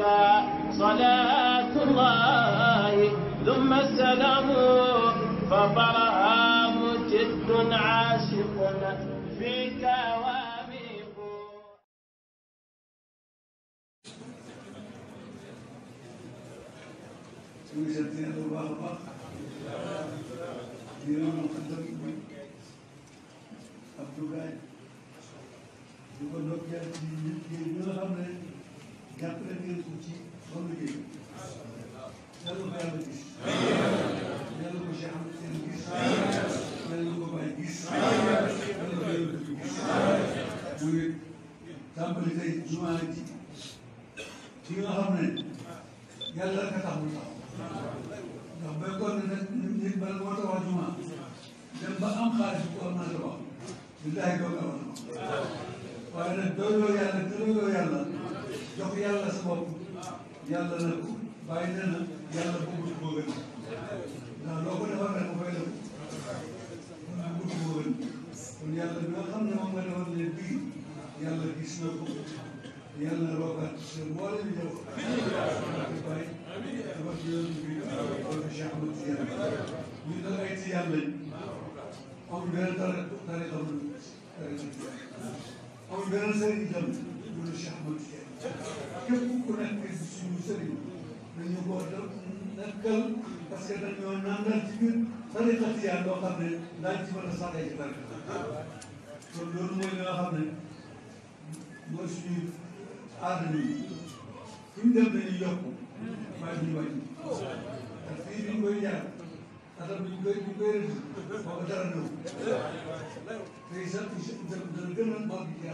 عليك صلاة الله ثم السلام فطرها مجد عاشق فيك واميق سنجدنا الله الله دينا مقدم Abdou Gaye di ko doog yàlla ci liggéey bi nga xam ne jàppale ngeen ko ci loolu liggéey yàlla ko yàlla gis yàlla ko Cheikh Ahmed Sène gis yàlla ko Baye gis yàlla ko yàlla dëkk gis muy tàmbali tey jumaa ji ci nga xam ne yàlla ka tax mu tax ndax béykat bi nag nit bala moo tabax jumaa dem ba am xaalis bu am naa tabax li daay doog a wax waaye nag doyloo yàlla doyloo yàlla jox yàlla sa bopp yàlla na ko bàyyi nee na yàlla bëggut boo gën ndax loo ko defal rek mu fay def bëggut boo gën kon yàlla bi nga xam ne moom nga defal ne bii yàlla gis na ko yàlla roogaat sa mboole bi ñëw di bàyyi dafa ci yoon bi wala Cheikh Ahmad Tijaan ñu da ay ci yàlla yi amul benn tare tare xam tare amul benn sëriñ itam loolu Cheikh Ahmad képp ku nekk suñu sëriñ dañu ko nekkal parce que dañoo nandal ci ñun tariqa tijaan loo xam ne daañu ci mën a sànnee ci tariqa kon loolu mooy li nga xam ne mooy suñu aada bi fu ñu dem dañuy yokk waaye duñu wàññi te fii bi ñu koy jaar atam bi ñu koy ñu koy rëdd boo ko dara nëw tey sax dana gën a màgg ci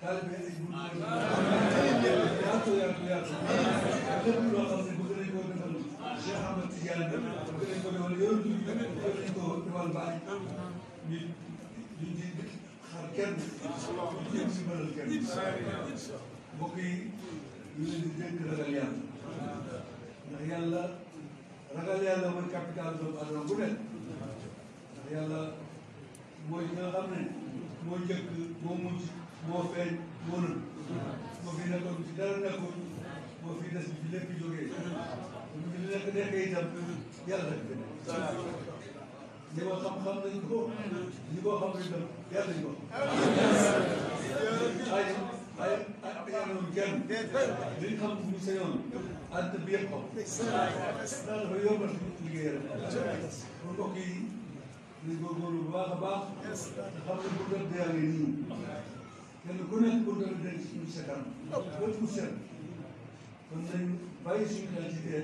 taalibe ay bunt yaatu yaatu yaatu lépp loo xam ne bëgg nañ koo defal Cheikh Ahmed Tidiane bëgg nañ ko defal yoonu dugub bëgg nañ ko defal baay ñu ñu di xar kenn ñu jëm si mënal kenn mbokk yi ñu leen di dénk ragal yàlla ndax yàlla ragal yàlla mooy capital doomu adama bu nekk ndax yàlla mooy nga xam ne moo njëkk moo mujj moo feeñ moo nëb moo fi nekkoon ci dara nekkoon moo fi des bi lépp jógee ñu li nekk nekk itam yàlla bi ñi ko xam-xam nañ ko ñi ko xam itam yàlla ñu ko ay ay ay yàlla kenn liñ xam bu ñu sañoon ànd bi yëpp xam ndax dafa yombal liggéeyam kon mbokk yi ñu góorgóorlu bu baax a baax te xam ne bu dee yaa ngi nii kenn ku nekk pour nga dundal ci suñu sa kanam. bët bu set kon nañ bàyyi te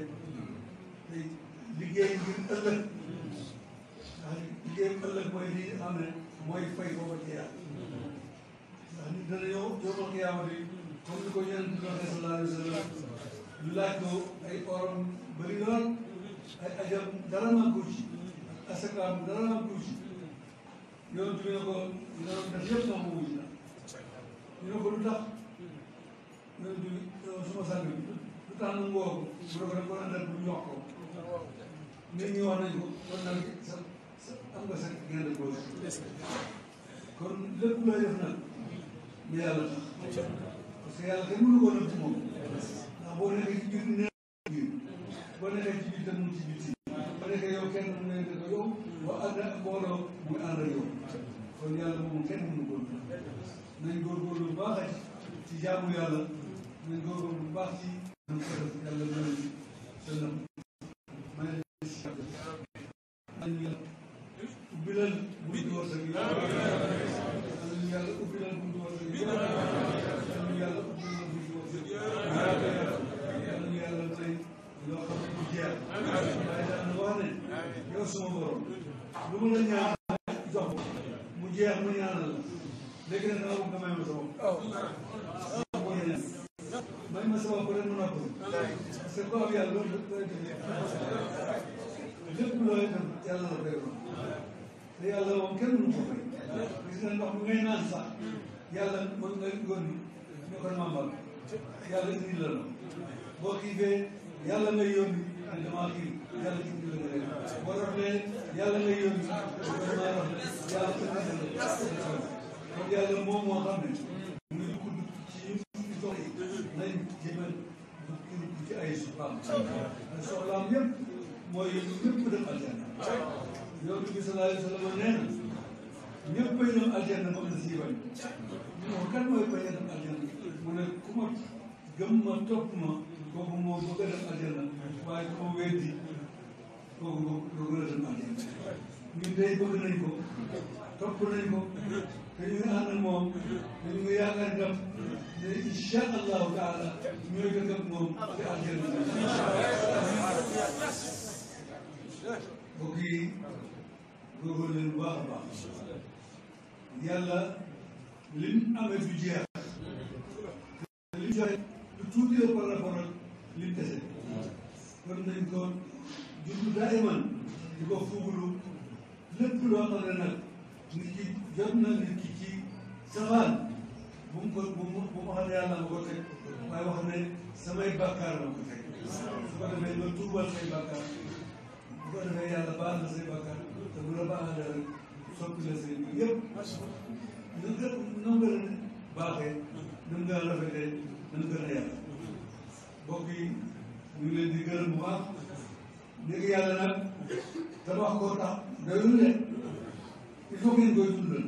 liggéey ngir ëllëg ndax liggéey ëllëg mooy li nga xam ne mooy fay booba ci yàlla ndax nit dana yow yow xiyaamati comme ni ko yeneen bi doon sallallahu alayhi wa sallam ay orom bëri lool ay ajam dara manku ci asakaam dara manku ci yow dina ko dina ko def yëpp na mu wuj ñu ne ko lu tax ñu ne euh, suma sànni lu tax nu mu woo ko bu ko àndal bu ñu wax ko nit ñi wax nañu ko kon nag sa sa am nga sa gën a góos kon lépp looy def nag lu yàlla tax parce que yàlla kenn mënu ko nag ci moom ndax boo nekkee ci biir nee biir boo nekkee ci biir te mu ci biti boo nekkee yow kenn mu ne ko yow boo ànd ak mbooloo muy ànd ak yow kon yàlla moom kenn mënu ko nañ góorgóorlu bu baax a ci jaamu yàlla nañ góorgóorlu bu baax ci yàlla nañ sënam may nañ yàlla ubbilal buntu wërsëg yi nañ yàlla ubbilal buntu wërsëg yi nañ yàlla ubbilal buntu wërsëg yi nañ yàlla may loo xam ne du jeex waaye daal na wax ne yow sama borom lu ma la ñaan jox jeex mu ñaanal la dégg na dama bëgg nga may ma sama oh. may ma sama ko rek mu noppi parce que koo xam yàlla loolu lépp looy def yàlla la koy wax te yàlla moom kenn mënu ko fay gis nga ndox mi ngay naan sax yàlla mën nga góorni ñu ko mambal yàlla indi la la boo xiifee yàlla ngay yónni damaa yàlla dimbali na leen boo rafetee yàlla ngay yónni vraiment rafet yàlla tënk na kon yàlla moom moo xam ne mu ngi ko dugg ci soxla yi nañ jéemal dugg ci ay soxlaam soxlaam yëpp mooy ñëpp dem aljanna yonent bi sallallahu alayhi wa sallam nee na ñëpp bay dem aljanna moom la siy bañ moom kan mooy bañ a dem aljanna mu ne ku ma gëm ma topp ma kooku moo bëgg a dem aljanna waaye ku ma weddi boobu moom boobu la doon ñun day bëgg nañ ko topp nañ ko te ñu ngi moom te ñu ngi yaakaar ndam ne incha allahu taala ñooy dëkk moom ci àjjana mbokk yi góorgóor leen bu baax a baax yàlla amee du jeex te liñ joxe du tuuti la par rapport ak liñ dese nañ ko juddu daayiman di ko fuglu lépp loo xam ne nag nit ki jot na nit ki ci safaan bu mu ko bu mu bu mu xam ne yàlla ma ko teg waaye wax ne samay bàkkaar la ko teg su ko defee nga tuubal say bàkkaar bu ko defee yàlla baax na say bàkkaar te bu la baaxalee rek soppi la say mbir yëpp ñu gën ñoo gën a baaxee ñu gën a rafetee ñu gën a yàlla mbokk yi ñu ngi leen di gërëm bu baax léegi yàlla nag dama wax koo tax doyul ne il faut ngeen koy dundal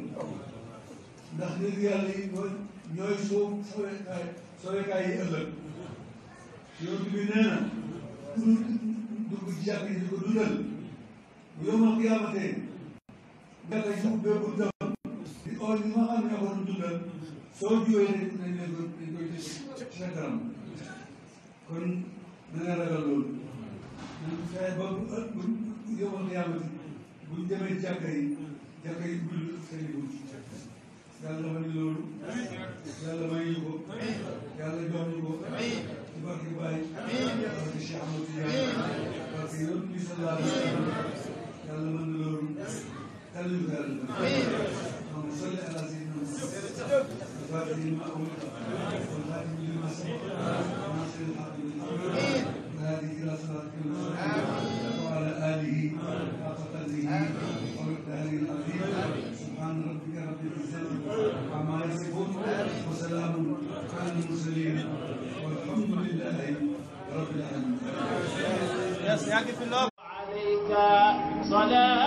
ndax léegi yàlla yi mooy ñooy soo soobekaay soobekaay yi ëllëg yonent bi nee na pour dugg ci jàkk yi di ko dundal bu yomal xiyaamatee jàkka yi suuf bee buntam di oo ñu ma xam ne ñoo ko doon dundal soo jiwee ne nañ leen ko dañ koy tëj ci sa kanam kon dana ragal loolu ñun fexe ba bu bu yowal yàlla bi buñ demee jàkka yi jàkka yi bul seen i buñ yàlla may loolu yàlla may ñu ko yàlla jox ñu ko ci barke Baye barke Cheikh Ahmadou Tidiane barke yonent bi sallallahu alayhi wa sallam yàlla mën na loolu yàlla ñu ko yàlla mën. Allahumma salli ala sayyidina Muhammad والقرآن العظيم سبحان ربك رب العزة عما يصفون وسلام على المرسلين والحمد لله رب العالمين. عليك صلاة